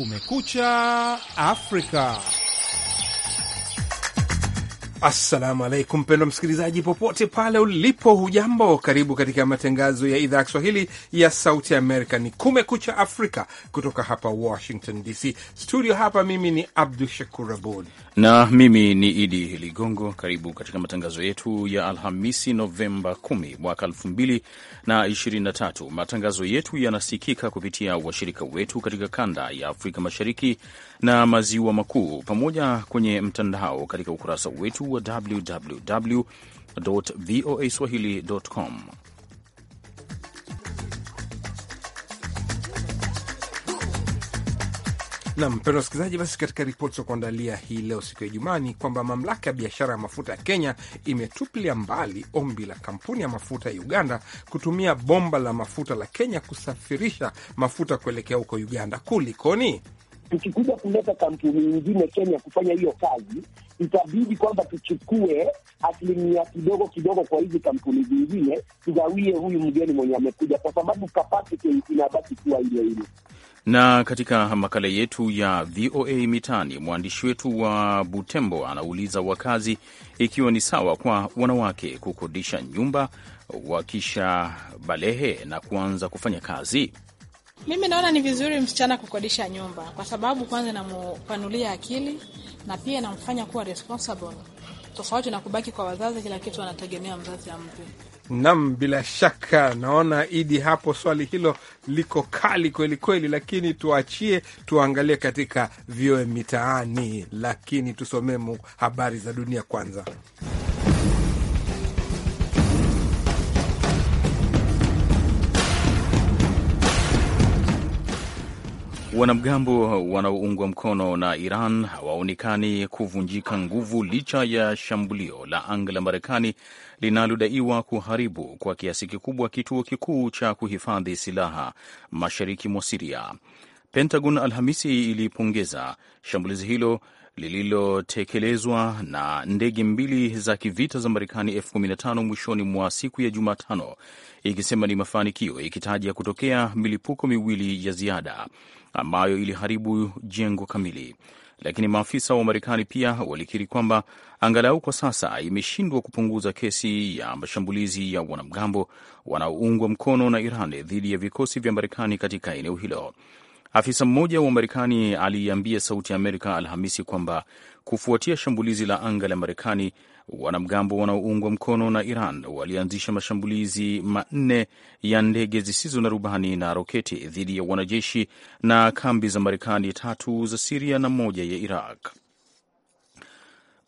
Kumekucha Afrika. Assalamu alaikum, mpendwa msikilizaji, popote pale ulipo, hujambo? Karibu katika matangazo ya idhaa ya Kiswahili ya Sauti Amerika. Ni Kumekucha Afrika kutoka hapa Washington DC studio. Hapa mimi ni Abdu Shakur Abud na mimi ni Idi Ligongo. Karibu katika matangazo yetu ya Alhamisi, Novemba 10 mwaka 2023. Matangazo yetu yanasikika kupitia washirika wetu katika kanda ya Afrika Mashariki na Maziwa Makuu, pamoja kwenye mtandao katika ukurasa wetu wa www voa swahili com. Nam mpendwa wasikilizaji, basi katika ripoti za kuandalia hii leo siku ya Ijumaa ni kwamba mamlaka ya biashara ya mafuta ya Kenya imetupilia mbali ombi la kampuni ya mafuta ya Uganda kutumia bomba la mafuta la Kenya kusafirisha mafuta kuelekea huko Uganda. Kulikoni? tukikuja kuleta kampuni nyingine Kenya kufanya hiyo kazi, itabidi kwamba tuchukue asilimia kidogo kidogo kwa hizi kampuni zingine, tugawie huyu mgeni mwenye amekuja, kwa sababu kapasiti inabaki kuwa ile ile. Na katika makala yetu ya VOA Mitaani, mwandishi wetu wa Butembo anauliza wakazi ikiwa ni sawa kwa wanawake kukodisha nyumba wakisha balehe na kuanza kufanya kazi. Mimi naona ni vizuri msichana kukodisha nyumba, kwa sababu kwanza inampanulia akili na pia inamfanya kuwa responsible, tofauti na kubaki kwa wazazi, kila kitu anategemea mzazi ampe. Nam, bila shaka naona Idi hapo swali hilo liko kali kweli kweli, lakini tuachie tuangalie katika vyoe mitaani, lakini tusomee habari za dunia kwanza. Wanamgambo wanaoungwa mkono na Iran hawaonekani kuvunjika nguvu licha ya shambulio la anga la Marekani linalodaiwa kuharibu kwa kiasi kikubwa kituo kikuu cha kuhifadhi silaha mashariki mwa Siria. Pentagon Alhamisi ilipongeza shambulizi hilo lililotekelezwa na ndege mbili za kivita za Marekani F-15 mwishoni mwa siku ya Jumatano, ikisema ni mafanikio, ikitaja kutokea milipuko miwili ya ziada ambayo iliharibu jengo kamili. Lakini maafisa wa Marekani pia walikiri kwamba angalau kwa sasa imeshindwa kupunguza kesi ya mashambulizi ya wanamgambo wanaoungwa mkono na Iran dhidi ya vikosi vya Marekani katika eneo hilo. Afisa mmoja wa Marekani aliiambia Sauti ya Amerika Alhamisi kwamba kufuatia shambulizi la anga la Marekani, wanamgambo wanaoungwa mkono na Iran walianzisha mashambulizi manne ya ndege zisizo na rubani na roketi dhidi ya wanajeshi na kambi za Marekani tatu za Siria na moja ya Iraq.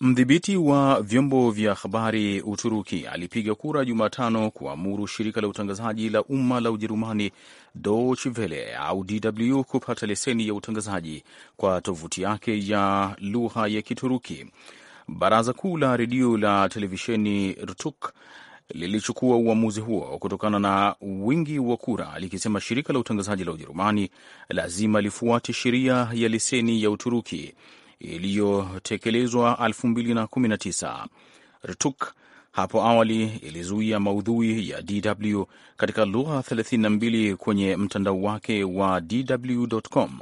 Mdhibiti wa vyombo vya habari Uturuki alipiga kura Jumatano kuamuru shirika la utangazaji la umma la Ujerumani Deutsche Welle au DW kupata leseni ya utangazaji kwa tovuti yake ya lugha ya Kituruki. Baraza kuu la redio la televisheni RTUK lilichukua uamuzi huo kutokana na wingi wa kura, likisema shirika la utangazaji la Ujerumani lazima lifuate sheria ya leseni ya Uturuki iliyotekelezwa 2019. RTUK hapo awali ilizuia maudhui ya DW katika lugha 32 kwenye mtandao wake wa dw.com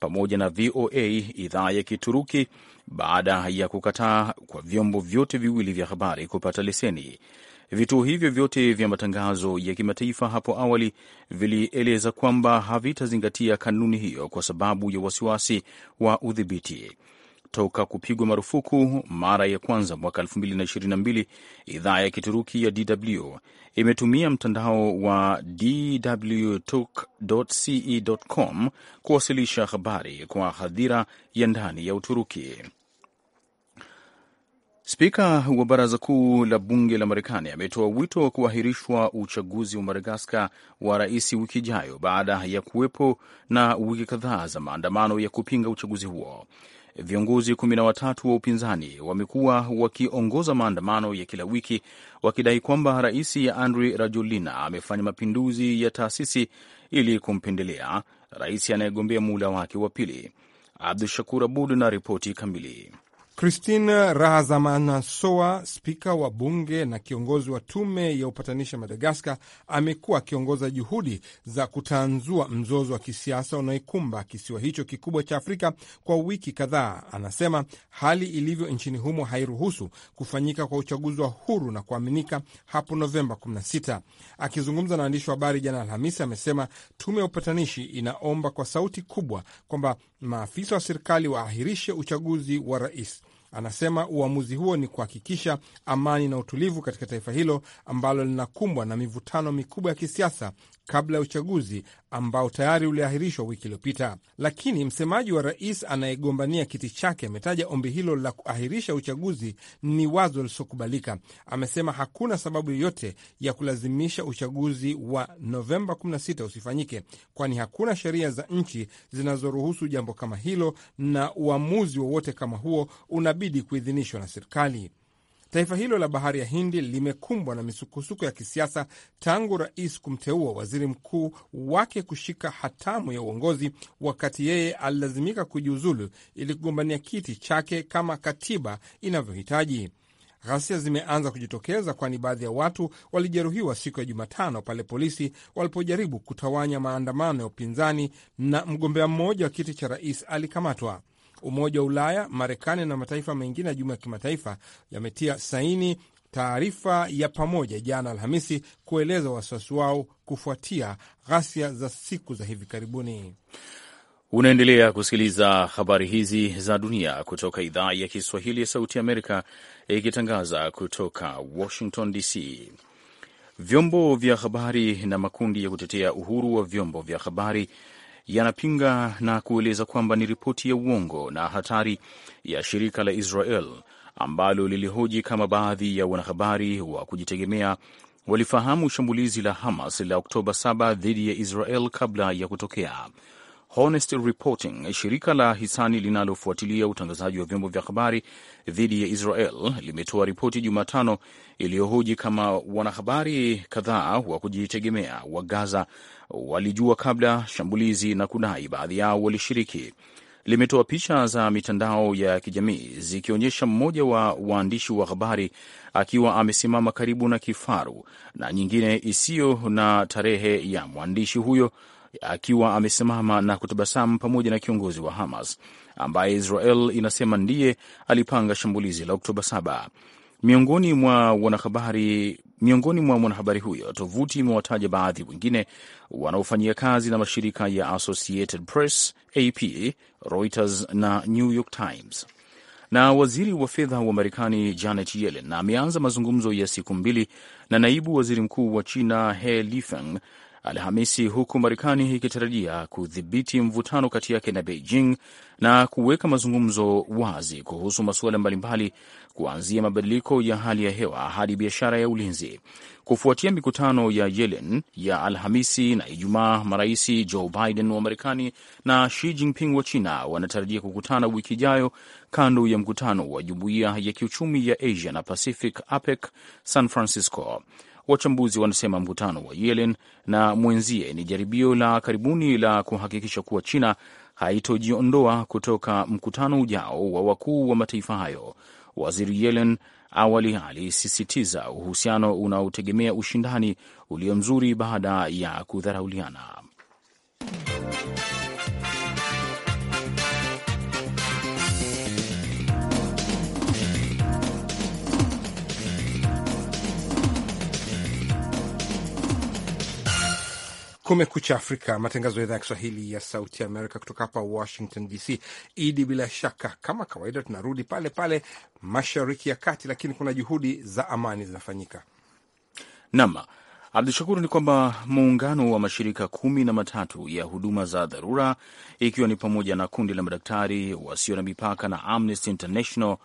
pamoja na VOA idhaa ya Kituruki baada ya kukataa kwa vyombo vyote viwili vya habari kupata leseni. Vituo hivyo vyote vya matangazo ya kimataifa hapo awali vilieleza kwamba havitazingatia kanuni hiyo kwa sababu ya wasiwasi wa udhibiti toka kupigwa marufuku mara ya kwanza mwaka 2022, idhaa ya Kituruki ya DW imetumia mtandao wa dwtalk.ce.com kuwasilisha habari kwa hadhira ya ndani ya Uturuki. Spika wa baraza kuu la bunge la Marekani ametoa wito wa kuahirishwa uchaguzi wa Madagaskar wa rais wiki ijayo baada ya kuwepo na wiki kadhaa za maandamano ya kupinga uchaguzi huo. Viongozi kumi na watatu wa upinzani wamekuwa wakiongoza maandamano ya kila wiki wakidai kwamba rais Andry Rajoelina amefanya mapinduzi ya taasisi ili kumpendelea rais anayegombea muhula wake wa pili. Abdu Shakur Abud na ripoti kamili. Christine rahazamanasoa spika wa bunge na kiongozi wa tume ya upatanishi ya Madagaskar, amekuwa akiongoza juhudi za kutanzua mzozo wa kisiasa unaoikumba kisiwa hicho kikubwa cha Afrika kwa wiki kadhaa. Anasema hali ilivyo nchini humo hairuhusu kufanyika kwa uchaguzi wa huru na kuaminika hapo Novemba 16. Akizungumza na waandishi wa habari jana Alhamisi, amesema tume ya upatanishi inaomba kwa sauti kubwa kwamba maafisa wa serikali waahirishe uchaguzi wa rais. Anasema uamuzi huo ni kuhakikisha amani na utulivu katika taifa hilo ambalo linakumbwa na mivutano mikubwa ya kisiasa kabla ya uchaguzi ambao tayari uliahirishwa wiki iliyopita, lakini msemaji wa rais anayegombania kiti chake ametaja ombi hilo la kuahirisha uchaguzi ni wazo lisiokubalika. Amesema hakuna sababu yoyote ya kulazimisha uchaguzi wa Novemba 16 usifanyike, kwani hakuna sheria za nchi zinazoruhusu jambo kama hilo, na uamuzi wowote kama huo unabidi kuidhinishwa na serikali. Taifa hilo la bahari ya Hindi limekumbwa na misukosuko ya kisiasa tangu rais kumteua waziri mkuu wake kushika hatamu ya uongozi, wakati yeye alilazimika kujiuzulu ili kugombania kiti chake kama katiba inavyohitaji. Ghasia zimeanza kujitokeza, kwani baadhi ya watu walijeruhiwa siku ya Jumatano pale polisi walipojaribu kutawanya maandamano ya upinzani, na mgombea mmoja wa kiti cha rais alikamatwa. Umoja wa Ulaya, Marekani na mataifa mengine ya jumuiya ya kimataifa yametia saini taarifa ya pamoja jana Alhamisi kueleza wasiwasi wao kufuatia ghasia za siku za hivi karibuni. Unaendelea kusikiliza habari hizi za dunia kutoka idhaa ya Kiswahili ya Sauti Amerika ikitangaza kutoka Washington DC. Vyombo vya habari na makundi ya kutetea uhuru wa vyombo vya habari yanapinga na kueleza kwamba ni ripoti ya uongo na hatari ya shirika la Israel ambalo lilihoji kama baadhi ya wanahabari wa kujitegemea walifahamu shambulizi la Hamas la Oktoba 7 dhidi ya Israel kabla ya kutokea. Honest Reporting, shirika la hisani linalofuatilia utangazaji wa vyombo vya habari dhidi ya Israel, limetoa ripoti Jumatano iliyohoji kama wanahabari kadhaa wa kujitegemea wa Gaza walijua kabla shambulizi na kudai baadhi yao walishiriki. Limetoa picha za mitandao ya kijamii zikionyesha mmoja wa waandishi wa habari akiwa amesimama karibu na kifaru na nyingine isiyo na tarehe ya mwandishi huyo akiwa amesimama na kutabasamu pamoja na kiongozi wa Hamas ambaye Israel inasema ndiye alipanga shambulizi la Oktoba 7. Miongoni mwa wanahabari miongoni mwa mwanahabari huyo, tovuti imewataja baadhi wengine wanaofanyia kazi na mashirika ya Associated Press, AP, Reuters na New York Times. Na waziri wa fedha wa Marekani Janet Yellen ameanza mazungumzo ya siku mbili na naibu waziri mkuu wa China He Lifeng Alhamisi, huku Marekani ikitarajia kudhibiti mvutano kati yake na Beijing na kuweka mazungumzo wazi kuhusu masuala mbalimbali kuanzia mabadiliko ya hali ya hewa hadi biashara ya ulinzi. Kufuatia mikutano ya Yellen ya Alhamisi na Ijumaa, marais Joe Biden wa Marekani na Xi Jinping wa China wanatarajia kukutana wiki ijayo kando ya mkutano wa Jumuiya ya Kiuchumi ya Asia na Pacific, APEC, San Francisco. Wachambuzi wanasema mkutano wa Yellen na mwenzie ni jaribio la karibuni la kuhakikisha kuwa China haitojiondoa kutoka mkutano ujao wa wakuu wa mataifa hayo. Waziri Yellen awali alisisitiza uhusiano unaotegemea ushindani ulio mzuri baada ya kudharauliana. Kumekucha Afrika, matangazo ya idhaa ya Kiswahili ya Sauti ya Amerika kutoka hapa Washington DC. Idi, bila shaka, kama kawaida, tunarudi pale pale Mashariki ya Kati, lakini kuna juhudi za amani zinafanyika. nam Abdu Shakuru, ni kwamba muungano wa mashirika kumi na matatu ya huduma za dharura ikiwa ni pamoja na kundi la madaktari wasio na mipaka na Amnesty International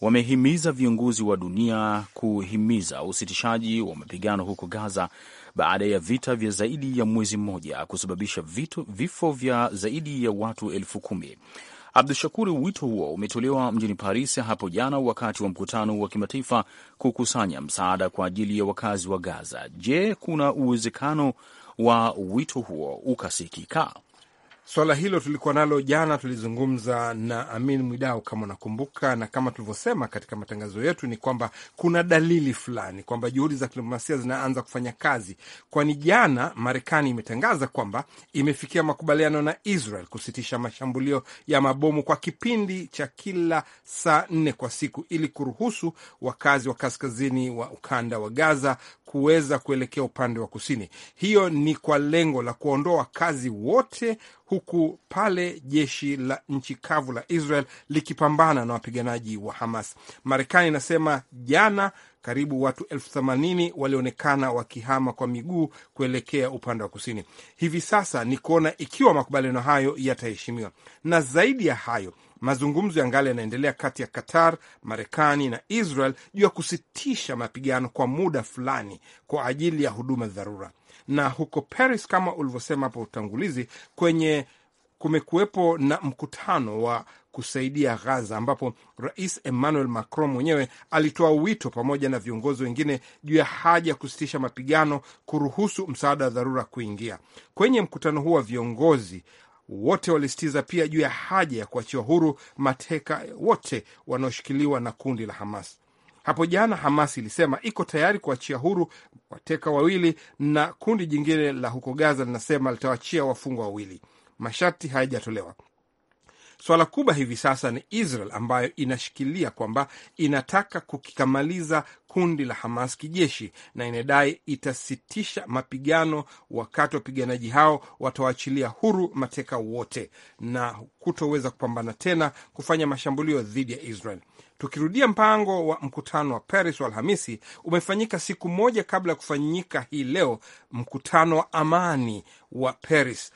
wamehimiza viongozi wa dunia kuhimiza usitishaji wa mapigano huko Gaza baada ya vita vya zaidi ya mwezi mmoja kusababisha vitu, vifo vya zaidi ya watu elfu kumi. Abdu Shakuri, wito huo umetolewa mjini Paris hapo jana wakati wa mkutano wa kimataifa kukusanya msaada kwa ajili ya wakazi wa Gaza. Je, kuna uwezekano wa wito huo ukasikika? Swala hilo tulikuwa nalo jana, tulizungumza na Amin Mwidau kama unakumbuka, na kama tulivyosema katika matangazo yetu ni kwamba kuna dalili fulani kwamba juhudi za kidiplomasia zinaanza kufanya kazi, kwani jana Marekani imetangaza kwamba imefikia makubaliano na Israel kusitisha mashambulio ya mabomu kwa kipindi cha kila saa nne kwa siku ili kuruhusu wakazi wa kaskazini wa ukanda wa Gaza kuweza kuelekea upande wa kusini. Hiyo ni kwa lengo la kuondoa wakazi wote, huku pale jeshi la nchi kavu la Israel likipambana na wapiganaji wa Hamas. Marekani inasema jana karibu watu elfu themanini walionekana wakihama kwa miguu kuelekea upande wa kusini. Hivi sasa ni kuona ikiwa makubaliano hayo yataheshimiwa, na zaidi ya hayo mazungumzo ya ngali yanaendelea kati ya Qatar, Marekani na Israel juu ya kusitisha mapigano kwa muda fulani kwa ajili ya huduma dharura. Na huko Paris, kama ulivyosema hapo utangulizi, kwenye kumekuwepo na mkutano wa kusaidia Gaza ambapo Rais Emmanuel Macron mwenyewe alitoa wito pamoja na viongozi wengine juu ya haja ya kusitisha mapigano, kuruhusu msaada wa dharura kuingia. Kwenye mkutano huu wa viongozi wote walisitiza pia juu ya haja ya kuachiwa huru mateka wote wanaoshikiliwa na kundi la Hamas. Hapo jana Hamas ilisema iko tayari kuachia huru wateka wawili, na kundi jingine la huko Gaza linasema litawachia wafungwa wawili. Masharti hayajatolewa. Swala kubwa hivi sasa ni Israel ambayo inashikilia kwamba inataka kukikamaliza kundi la Hamas kijeshi na inadai itasitisha mapigano wakati wapiganaji hao watawaachilia huru mateka wote na kutoweza kupambana tena kufanya mashambulio dhidi ya Israel. Tukirudia mpango wa mkutano wa Paris wa Alhamisi, umefanyika siku moja kabla ya kufanyika hii leo mkutano wa amani wa Paris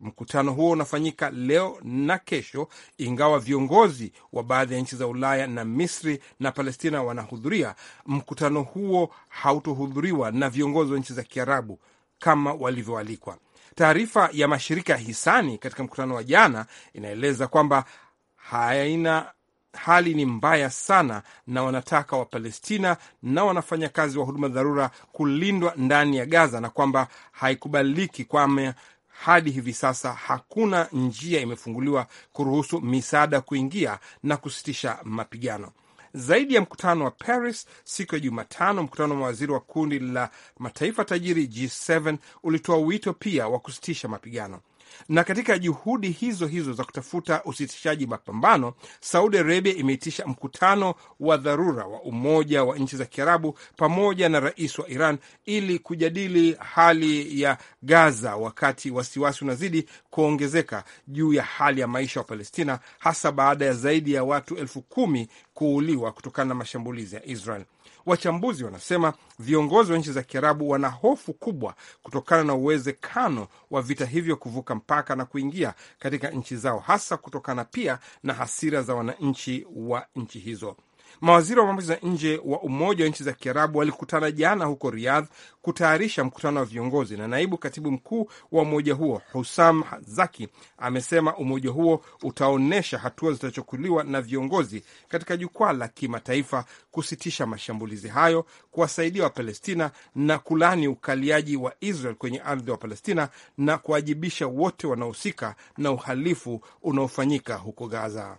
Mkutano huo unafanyika leo na kesho, ingawa viongozi wa baadhi ya nchi za Ulaya na Misri na Palestina wanahudhuria. Mkutano huo hautohudhuriwa na viongozi wa nchi za Kiarabu kama walivyoalikwa. Taarifa ya mashirika ya hisani katika mkutano wa jana inaeleza kwamba haina hali ni mbaya sana, na wanataka Wapalestina na wanafanyakazi wa huduma dharura kulindwa ndani ya Gaza, na kwamba haikubaliki kwama hadi hivi sasa hakuna njia imefunguliwa kuruhusu misaada kuingia na kusitisha mapigano. Zaidi ya mkutano wa Paris siku ya Jumatano, mkutano wa mawaziri wa kundi la mataifa tajiri G7 ulitoa wito pia wa kusitisha mapigano. Na katika juhudi hizo hizo za kutafuta usitishaji mapambano, Saudi Arabia imeitisha mkutano wa dharura wa Umoja wa Nchi za Kiarabu pamoja na rais wa Iran ili kujadili hali ya Gaza, wakati wasiwasi unazidi kuongezeka juu ya hali ya maisha wa Palestina, hasa baada ya zaidi ya watu elfu kumi kuuliwa kutokana na mashambulizi ya Israel. Wachambuzi wanasema viongozi wa nchi za Kiarabu wana hofu kubwa kutokana na uwezekano wa vita hivyo kuvuka mpaka na kuingia katika nchi zao, hasa kutokana pia na hasira za wananchi wa nchi hizo. Mawaziri wa mambo za nje wa Umoja wa Nchi za Kiarabu walikutana jana huko Riyadh kutayarisha mkutano wa viongozi, na naibu katibu mkuu wa umoja huo Husam Zaki amesema umoja huo utaonyesha hatua zitachukuliwa na viongozi katika jukwaa la kimataifa kusitisha mashambulizi hayo, kuwasaidia Wapalestina na kulani ukaliaji wa Israel kwenye ardhi ya Palestina na kuwajibisha wote wanaohusika na uhalifu unaofanyika huko Gaza.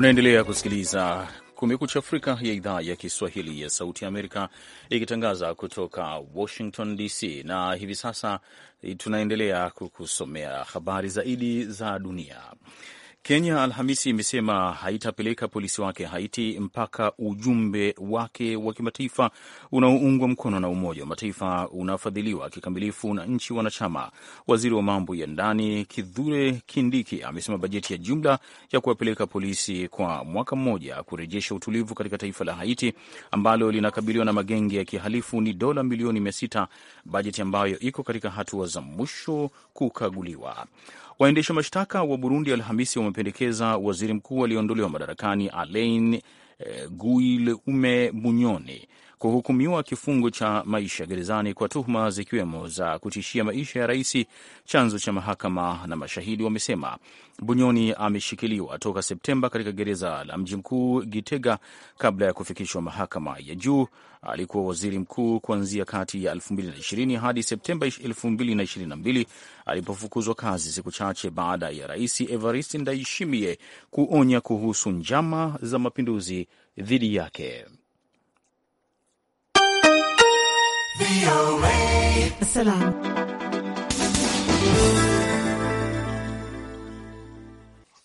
Unaendelea kusikiliza Kumekucha Afrika ya idhaa ya Kiswahili ya Sauti Amerika ikitangaza kutoka Washington DC, na hivi sasa tunaendelea kukusomea habari zaidi za dunia. Kenya Alhamisi imesema haitapeleka polisi wake Haiti mpaka ujumbe wake wa kimataifa unaoungwa mkono na Umoja wa Mataifa unafadhiliwa kikamilifu na nchi wanachama. Waziri wa mambo ya ndani Kithure Kindiki amesema bajeti ya jumla ya kuwapeleka polisi kwa mwaka mmoja kurejesha utulivu katika taifa la Haiti ambalo linakabiliwa na magenge ya kihalifu ni dola milioni mia sita, bajeti ambayo iko katika hatua za mwisho kukaguliwa. Waendesha mashtaka wa Burundi Alhamisi wamependekeza waziri mkuu aliyeondolewa madarakani Alain eh, Guillaume Bunyoni kuhukumiwa kifungo cha maisha gerezani kwa tuhuma zikiwemo za kutishia maisha ya rais, chanzo cha mahakama na mashahidi wamesema. Bunyoni ameshikiliwa toka Septemba katika gereza la mji mkuu Gitega kabla ya kufikishwa mahakama ya juu. Alikuwa waziri mkuu kuanzia kati ya 2020 hadi Septemba 2022 alipofukuzwa kazi siku chache baada ya rais Evariste Ndayishimiye kuonya kuhusu njama za mapinduzi dhidi yake.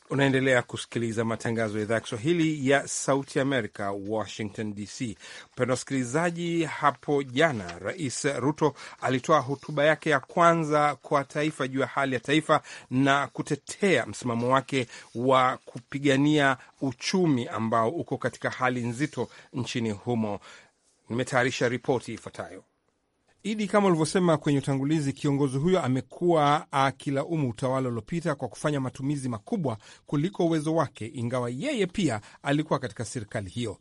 Unaendelea kusikiliza matangazo ya idhaa ya Kiswahili ya Sauti Amerika, Washington DC. Mpendwa wasikilizaji, hapo jana Rais Ruto alitoa hotuba yake ya kwanza kwa taifa juu ya hali ya taifa na kutetea msimamo wake wa kupigania uchumi ambao uko katika hali nzito nchini humo. Nimetayarisha ripoti ifuatayo. Idi, kama ulivyosema kwenye utangulizi, kiongozi huyo amekuwa akilaumu utawala uliopita kwa kufanya matumizi makubwa kuliko uwezo wake, ingawa yeye pia alikuwa katika serikali hiyo.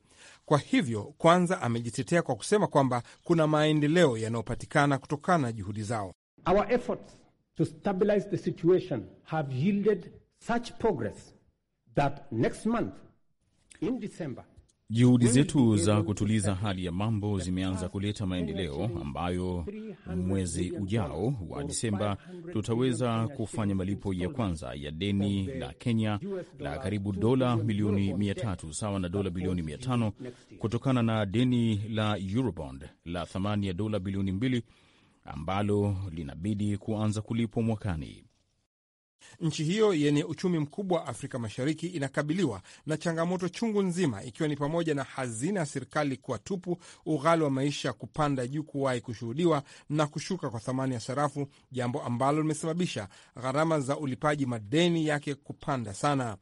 Kwa hivyo, kwanza amejitetea kwa kusema kwamba kuna maendeleo yanayopatikana kutokana na juhudi zao. Our efforts to stabilize the situation have yielded such progress that next month in December Juhudi zetu za kutuliza hali ya mambo zimeanza kuleta maendeleo ambayo mwezi ujao wa Disemba tutaweza kufanya malipo ya kwanza ya deni la Kenya la karibu dola milioni 300 sawa na dola bilioni i5 kutokana na deni la Eurobond la thamani ya dola bilioni 2 ambalo linabidi kuanza kulipwa mwakani. Nchi hiyo yenye uchumi mkubwa Afrika Mashariki inakabiliwa na changamoto chungu nzima, ikiwa ni pamoja na hazina ya serikali kuwa tupu, ughali wa maisha kupanda juu kuwahi kushuhudiwa na kushuka kwa thamani ya sarafu, jambo ambalo limesababisha gharama za ulipaji madeni yake kupanda sana.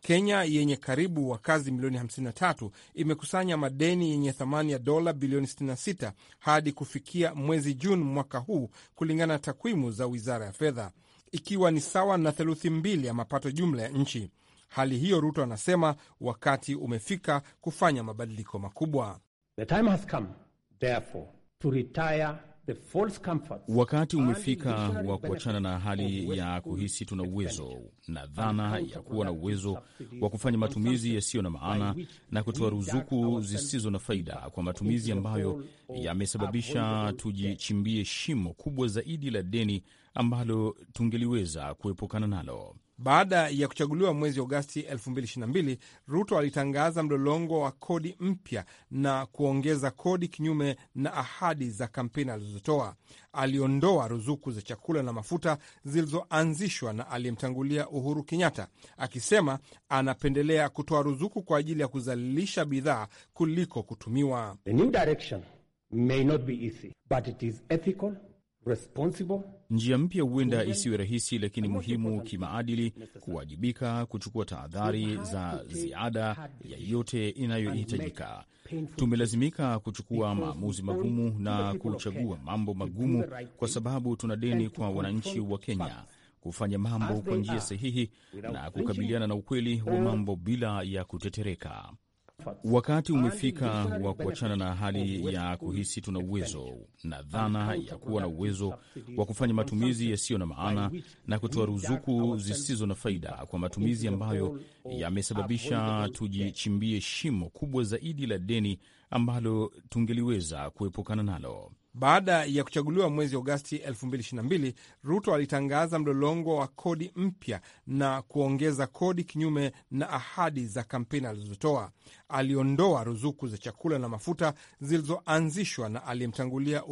Kenya yenye karibu wakazi milioni 53 imekusanya madeni yenye thamani ya dola bilioni 66 hadi kufikia mwezi Juni mwaka huu kulingana na takwimu za Wizara ya Fedha ikiwa ni sawa na theluthi mbili ya mapato jumla ya nchi. Hali hiyo, Ruto anasema wakati umefika kufanya mabadiliko makubwa. The time has come, therefore, to retire Wakati umefika wa kuachana na hali ya kuhisi tuna uwezo na dhana ya kuwa na uwezo wa kufanya matumizi yasiyo na maana na kutoa ruzuku zisizo na faida kwa matumizi ambayo yamesababisha tujichimbie shimo kubwa zaidi la deni ambalo tungeliweza kuepukana nalo. Baada ya kuchaguliwa mwezi Agosti 2022, Ruto alitangaza mlolongo wa kodi mpya na kuongeza kodi kinyume na ahadi za kampeni alizotoa. Aliondoa ruzuku za chakula na mafuta zilizoanzishwa na aliyemtangulia Uhuru Kenyatta, akisema anapendelea kutoa ruzuku kwa ajili ya kuzalilisha bidhaa kuliko kutumiwa The new Njia mpya huenda isiwe rahisi, lakini muhimu kimaadili, kuwajibika, kuchukua tahadhari za ziada ya yote inayohitajika. Tumelazimika kuchukua maamuzi magumu na kuchagua mambo magumu, kwa sababu tuna deni kwa wananchi wa Kenya kufanya mambo kwa njia sahihi na kukabiliana na ukweli wa mambo bila ya kutetereka. Wakati umefika wa kuachana na hali ya kuhisi tuna uwezo na dhana ya kuwa na uwezo wa kufanya matumizi yasiyo na maana na kutoa ruzuku zisizo na faida kwa matumizi ambayo yamesababisha tujichimbie shimo kubwa zaidi la deni ambalo tungeliweza kuepukana nalo. Baada ya kuchaguliwa mwezi Agosti 2022, Ruto alitangaza mlolongo wa kodi mpya na kuongeza kodi kinyume na ahadi za kampeni alizotoa. Aliondoa ruzuku za chakula na mafuta zilizoanzishwa na aliyemtangulia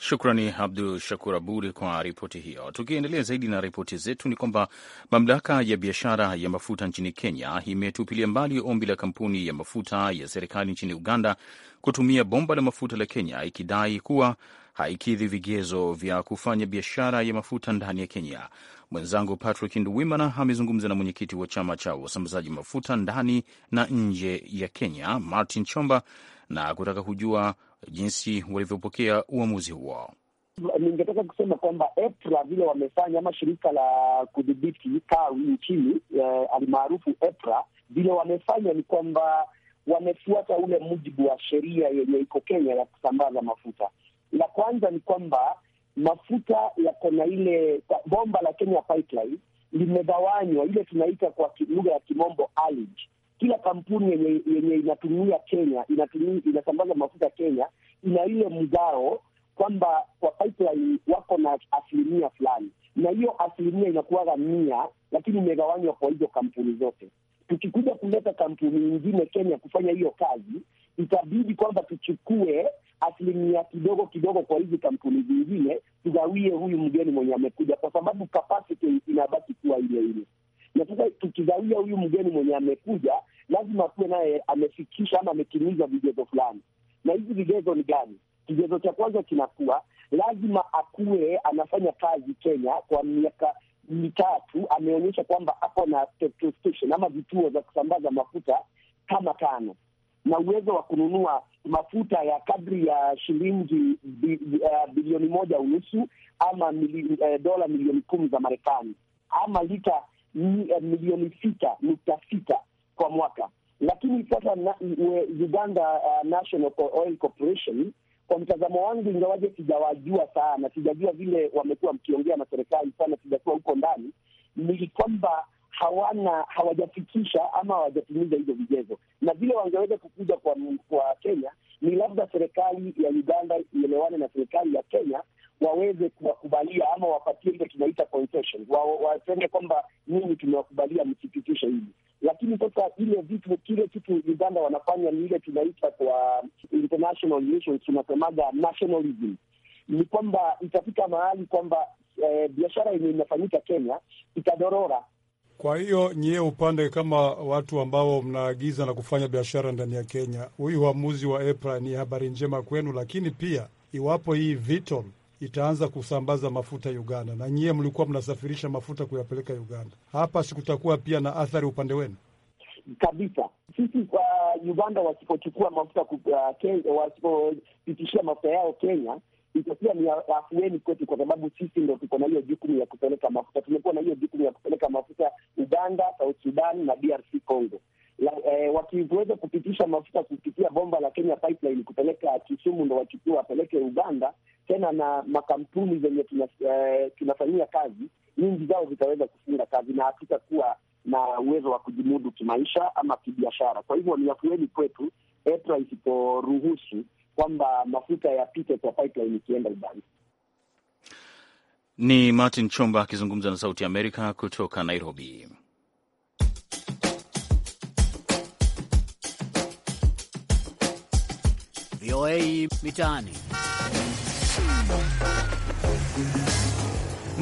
Shukrani Abdu Shakur Abud kwa ripoti hiyo. Tukiendelea zaidi na ripoti zetu, ni kwamba mamlaka ya biashara ya mafuta nchini Kenya imetupilia mbali ombi la kampuni ya mafuta ya serikali nchini Uganda kutumia bomba la mafuta la Kenya, ikidai kuwa haikidhi vigezo vya kufanya biashara ya mafuta ndani ya Kenya. Mwenzangu Patrick Nduwimana amezungumza na mwenyekiti wa chama cha wasambazaji mafuta ndani na nje ya Kenya, Martin Chomba, na kutaka kujua jinsi walivyopokea uamuzi huo. Ningetaka kusema kwamba EPRA vile wamefanya ama shirika la kudhibiti kawi nchini eh, alimaarufu EPRA vile wamefanya ni kwamba wamefuata ule mujibu wa sheria yenye iko Kenya ya kusambaza mafuta. La kwanza ni kwamba mafuta yako na ile bomba la Kenya Pipeline limegawanywa, ile tunaita kwa lugha ya kimombo allege kila kampuni yenye, yenye inatumia Kenya inatumia, inasambaza mafuta Kenya ina ile mgao kwamba kwa pipeline wako na asilimia fulani, na hiyo asilimia inakuwaga mia, lakini imegawanywa kwa hizo kampuni zote. Tukikuja kuleta kampuni nyingine Kenya kufanya hiyo kazi, itabidi kwamba tuchukue asilimia kidogo kidogo kwa hizi kampuni zingine, tugawie huyu mgeni mwenye amekuja, kwa sababu capacity inabaki kuwa ile ile. Na sasa tukizawia huyu mgeni mwenye amekuja, lazima kuwe naye amefikisha ama ametimiza vigezo fulani. Na hizi vigezo ni gani? Kigezo cha kwanza kinakuwa lazima akuwe anafanya kazi Kenya kwa miaka mitatu, ameonyesha kwamba ako na petrol station ama vituo za kusambaza mafuta kama tano na uwezo wa kununua mafuta ya kadri ya shilingi eh, bilioni moja unusu ama mili, eh, dola milioni kumi za Marekani ama lita Eh, milioni sita nukta sita kwa mwaka, lakini sasa na, Uganda uh, National Oil Corporation kwa mtazamo wangu, ingawaje sijawajua sana, sijajua vile wamekuwa mkiongea na serikali sana, sijakuwa huko ndani, ni kwamba hawana hawajafikisha ama hawajatimiza hivyo vigezo, na vile wangeweza kukuja kwa, kwa Kenya ni labda serikali ya Uganda ielewane na serikali ya Kenya waweze kuwakubalia ama wapatie ile tunaita concession, waseme kwamba nini tumewakubalia msipitishe hili. Lakini sasa ile vitu kile kitu Uganda wanafanya ni ile tunaita kwa international relations tunasemaga nationalism, ni kwamba itafika mahali kwamba eh, biashara yenye inafanyika Kenya itadorora kwa hiyo nyie upande kama watu ambao mnaagiza na kufanya biashara ndani ya Kenya, huyu uamuzi wa EPRA ni habari njema kwenu, lakini pia iwapo hii Vitol itaanza kusambaza mafuta Uganda na nyie mlikuwa mnasafirisha mafuta kuyapeleka Uganda, hapa sikutakuwa pia na athari upande wenu kabisa? Sisi kwa uh, Uganda wasipochukua mafuta uh, wasipopitishia mafuta yao Kenya itakuwa ni afueni kwetu, kwa sababu sisi ndo tuko na hiyo jukumu ya kupeleka mafuta. Tumekuwa na hiyo jukumu ya kupeleka mafuta Uganda, South Sudan na DRC Congo. Eh, wakiweza kupitisha mafuta kupitia bomba la Kenya Pipeline kupeleka Kisumu, ndo wachukua wapeleke Uganda tena, na makampuni zenye eh, tunafanyia eh, kazi nyingi zao zitaweza kufunga kazi na hatutakuwa na uwezo wa kujimudu kimaisha ama kibiashara. Kwa hivyo ni afueni kwetu EPRA eh, isiporuhusu kwamba mafuta yapite kwa pipeline ikienda Uganda. Ni Martin Chomba akizungumza na Sauti ya Amerika kutoka Nairobi. VOA Mitaani.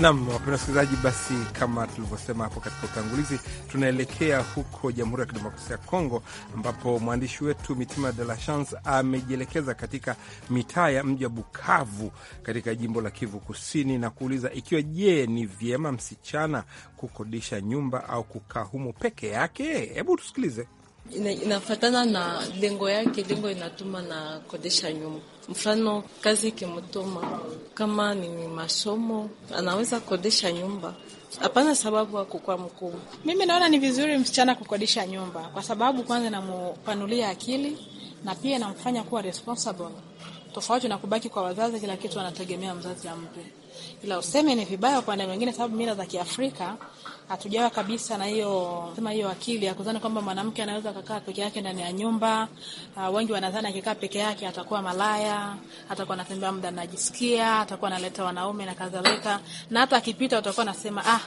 Nam, wapenda wasikilizaji, basi kama tulivyosema hapo katika utangulizi, tunaelekea huko Jamhuri ya Kidemokrasia ya Kongo, ambapo mwandishi wetu Mitima De La Chance amejielekeza katika mitaa ya mji wa Bukavu katika jimbo la Kivu Kusini na kuuliza ikiwa je, ni vyema msichana kukodisha nyumba au kukaa humo peke yake. Hebu tusikilize. Ina, inafatana na lengo yake. Lengo inatuma na kodesha nyumba, mfano kazi ikimtuma kama ni masomo, anaweza kodesha nyumba. Hapana sababu akukua mkubwa. Mimi naona ni vizuri msichana kukodesha nyumba, kwa sababu kwanza inamupanulia akili na pia inamfanya kuwa responsible, tofauti na kubaki kwa wazazi, kila kitu anategemea mzazi ampe ila useme ni vibaya kwa ndani wengine, sababu mila za Kiafrika hatujawa kabisa na hiyo sema hiyo akili ya kudhani kwamba mwanamke anaweza kukaa peke yake ndani ya nyumba. Uh, wengi wanadhani akikaa peke yake atakuwa malaya, atakuwa anatembea muda anajisikia, atakuwa analeta wanaume na kadhalika, na hata akipita utakuwa nasema ah,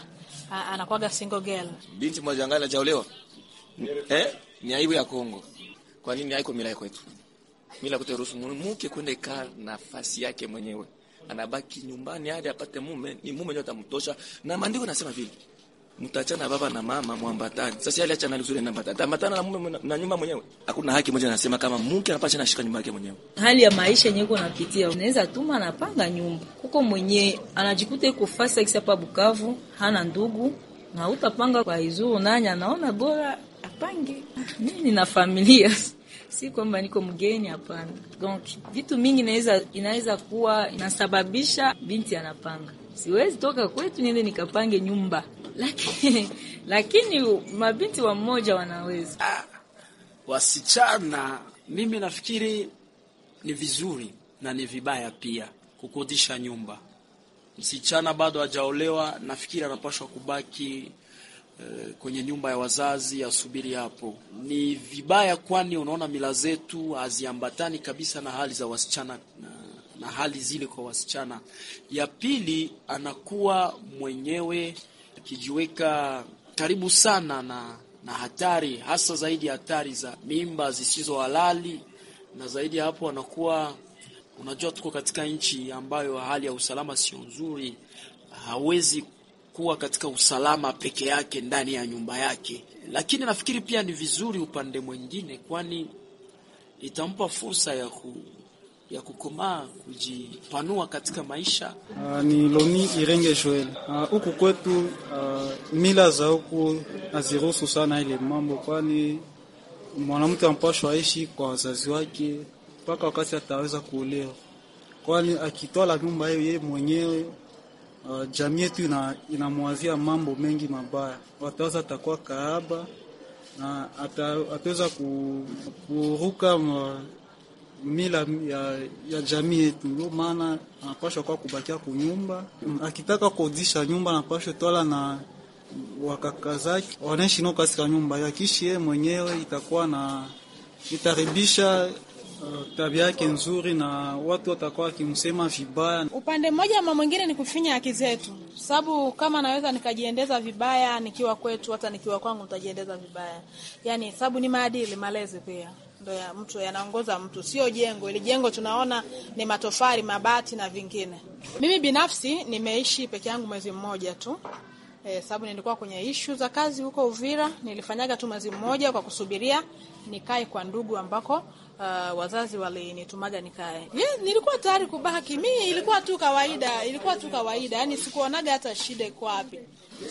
anakuwaga single girl. Binti mmoja angali hajaolewa eh, ni aibu ya Kongo. Kwa nini haiko mila kwetu? Mila kwetu ruhusu kwenda ikaa nafasi yake mwenyewe anabaki nyumbani hadi apate mume, ni mume ndio atamtosha. Na maandiko nasema vile mtachana baba na mama mwambatani. Sasa yale achana nzuri na mtata Ambatana na mume na nyumba mwenyewe. Hakuna haki moja anasema kama mke anapasha na shika nyumba yake mwenyewe. Hali ya maisha yenyewe unapitia. Unaweza tuma anapanga nyumba. Kuko mwenye anajikuta iko fasa kisa pa Bukavu, hana ndugu na utapanga kwa izuru nanya naona bora apange. Ah, mimi na familia si kwamba niko mgeni, hapana. Donc vitu mingi inaweza inaweza kuwa inasababisha binti anapanga, siwezi toka kwetu niende nikapange nyumba, lakini lakini mabinti wa mmoja wanaweza. Ah, wasichana, mimi nafikiri ni vizuri na ni vibaya pia kukodisha nyumba. Msichana bado hajaolewa, nafikiri anapaswa kubaki Eh, kwenye nyumba ya wazazi asubiri hapo. Ni vibaya, kwani unaona mila zetu haziambatani kabisa na hali za wasichana na, na hali zile kwa wasichana. Ya pili, anakuwa mwenyewe akijiweka karibu sana na, na hatari hasa zaidi hatari za mimba zisizo halali, na zaidi ya hapo anakuwa unajua, tuko katika nchi ambayo hali ya usalama sio nzuri, hawezi kuwa katika usalama peke yake ndani ya nyumba yake, lakini nafikiri pia ni vizuri upande mwingine, kwani itampa fursa ya ku ya kukomaa kujipanua katika maisha. Uh, ni Loni Irenge Joel. Ah, huku uh, kwetu uh, mila za huku haziruhusu sana ile mambo, kwani mwanamke ampashwa aishi kwa wazazi wake mpaka wakati ataweza kuolewa, kwani akitwala nyumba hiyo yeye mwenyewe uh, jamii yetu ina, inamwazia mambo mengi mabaya. Wataweza atakuwa kaaba na ataweza kuruka ma, uh, mila ya, ya jamii yetu. Ndio maana anapashwa kwa kubakia kunyumba, akitaka kukodisha nyumba anapashwa twala na wakaka zake wanaishi nao katika nyumba yakishi yeye mwenyewe, itakuwa na itaribisha Eh, tabia yake nzuri na watu watakuwa wakimsema vibaya. Upande mmoja ama mwingine ni kufinya haki zetu, sababu kama naweza nikajiendeza vibaya nikiwa kwetu, hata nikiwa kwangu nitajiendeza vibaya, yani sababu ni maadili, malezi pia ndo ya mtu yanaongoza mtu, sio jengo. Ili jengo tunaona ni matofali, mabati na vingine. Mimi binafsi nimeishi peke yangu mwezi mmoja tu e, sababu nilikuwa kwenye ishu za kazi huko Uvira. Nilifanyaga tu mwezi mmoja kwa kusubiria nikae kwa ndugu ambako uh, wazazi walinitumaga nikae. Yeah, nilikuwa tayari kubaki. Mi ilikuwa tu kawaida, ilikuwa tu kawaida, yani sikuonaga hata shida iko wapi,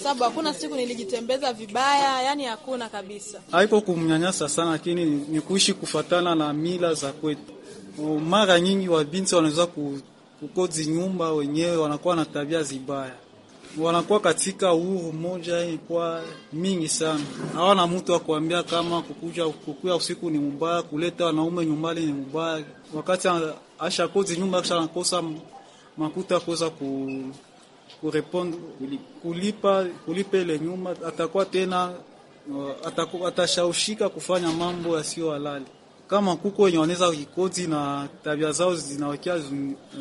sababu hakuna siku nilijitembeza vibaya, yani hakuna kabisa. Haiko kumnyanyasa sana, lakini ni kuishi kufatana na mila za kwetu. Mara nyingi wabinti wanaweza kukodi nyumba wenyewe, wanakuwa na tabia zibaya wanakuwa katika uhuru mmoja kwa mingi sana, hawana mtu wa kuambia kama kukuja kukuya usiku ni mubaya kuleta wanaume nyumbani ni mubaya wakati ashakozi nyumba kisha anakosa makuta kuweza ku kurepond kulipa kulipa ile nyumba, atakuwa tena uh, atashaushika kufanya mambo yasiyo halali kama kuku wenye wanaweza kukodi na tabia zao zinawekea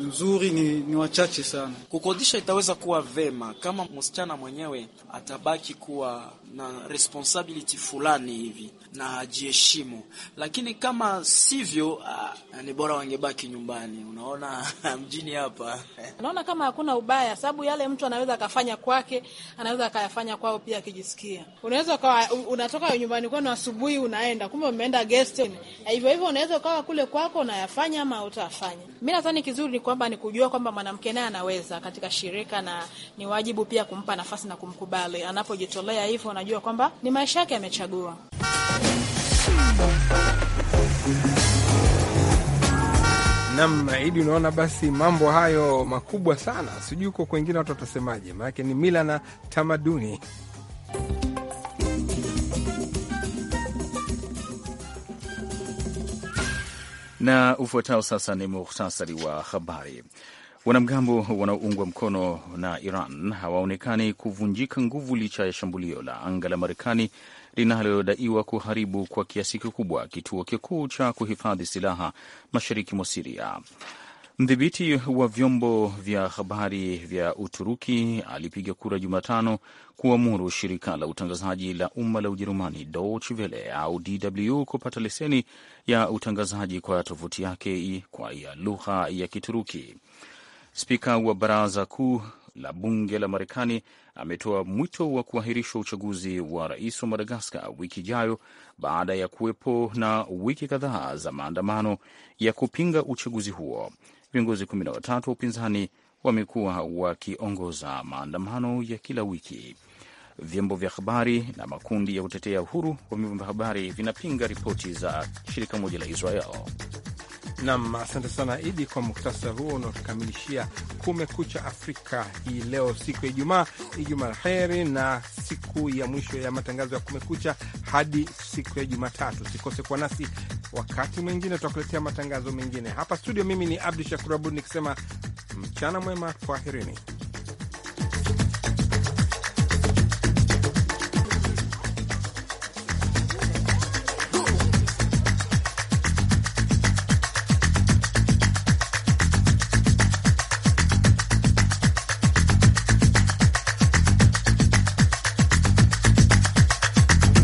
nzuri ni, ni wachache sana. Kukodisha itaweza kuwa vema kama msichana mwenyewe atabaki kuwa na responsibility fulani hivi na ajiheshimu, lakini kama sivyo, ah, ni bora wangebaki nyumbani. Unaona mjini hapa unaona kama hakuna ubaya, sababu yale mtu anaweza akafanya kwake, anaweza akayafanya kwao pia akijisikia. Unaweza ukawa unatoka nyumbani kwenu asubuhi unaenda, kumbe umeenda guest, eh, hivyo hivyo unaweza ukawa kule kwako unayafanya ama utafanya. Mimi nadhani kizuri ni kwamba ni kujua kwamba mwanamke naye anaweza katika shirika, na ni wajibu pia kumpa nafasi na kumkubali anapojitolea hivyo anajua kwamba ni maisha yake amechagua. Nam Idi, unaona basi mambo hayo makubwa sana, sijui huko kwengine watu watasemaje, maanake ni mila na tamaduni. Na ufuatao sasa ni muhtasari wa habari. Wanamgambo wanaoungwa mkono na Iran hawaonekani kuvunjika nguvu licha ya shambulio la anga la Marekani linalodaiwa kuharibu kwa kiasi kikubwa kituo kikuu cha kuhifadhi silaha mashariki mwa Siria. Mdhibiti wa vyombo vya habari vya Uturuki alipiga kura Jumatano kuamuru shirika la utangazaji la umma la Ujerumani Deutsche Welle au DW kupata leseni ya utangazaji kwa tovuti yake kwa ya lugha ya Kituruki. Spika wa baraza kuu la bunge la Marekani ametoa mwito wa kuahirishwa uchaguzi wa rais wa Madagaskar wiki ijayo baada ya kuwepo na wiki kadhaa za maandamano ya kupinga uchaguzi huo. Viongozi 13 wa upinzani wamekuwa wakiongoza maandamano ya kila wiki. Vyombo vya habari na makundi ya kutetea uhuru wa vyombo vya habari vinapinga ripoti za shirika moja la Israel Nam, asante sana Idi kwa muktasa huo unaotukamilishia Kumekucha Afrika hii leo, siku ya Ijumaa. Ijumaa heri na siku ya mwisho ya matangazo ya Kumekucha hadi siku ya Jumatatu. Sikose kuwa nasi wakati mwingine, tutakuletea matangazo mengine hapa studio. Mimi ni Abdu Shakur Abud nikisema mchana mwema, kwaherini.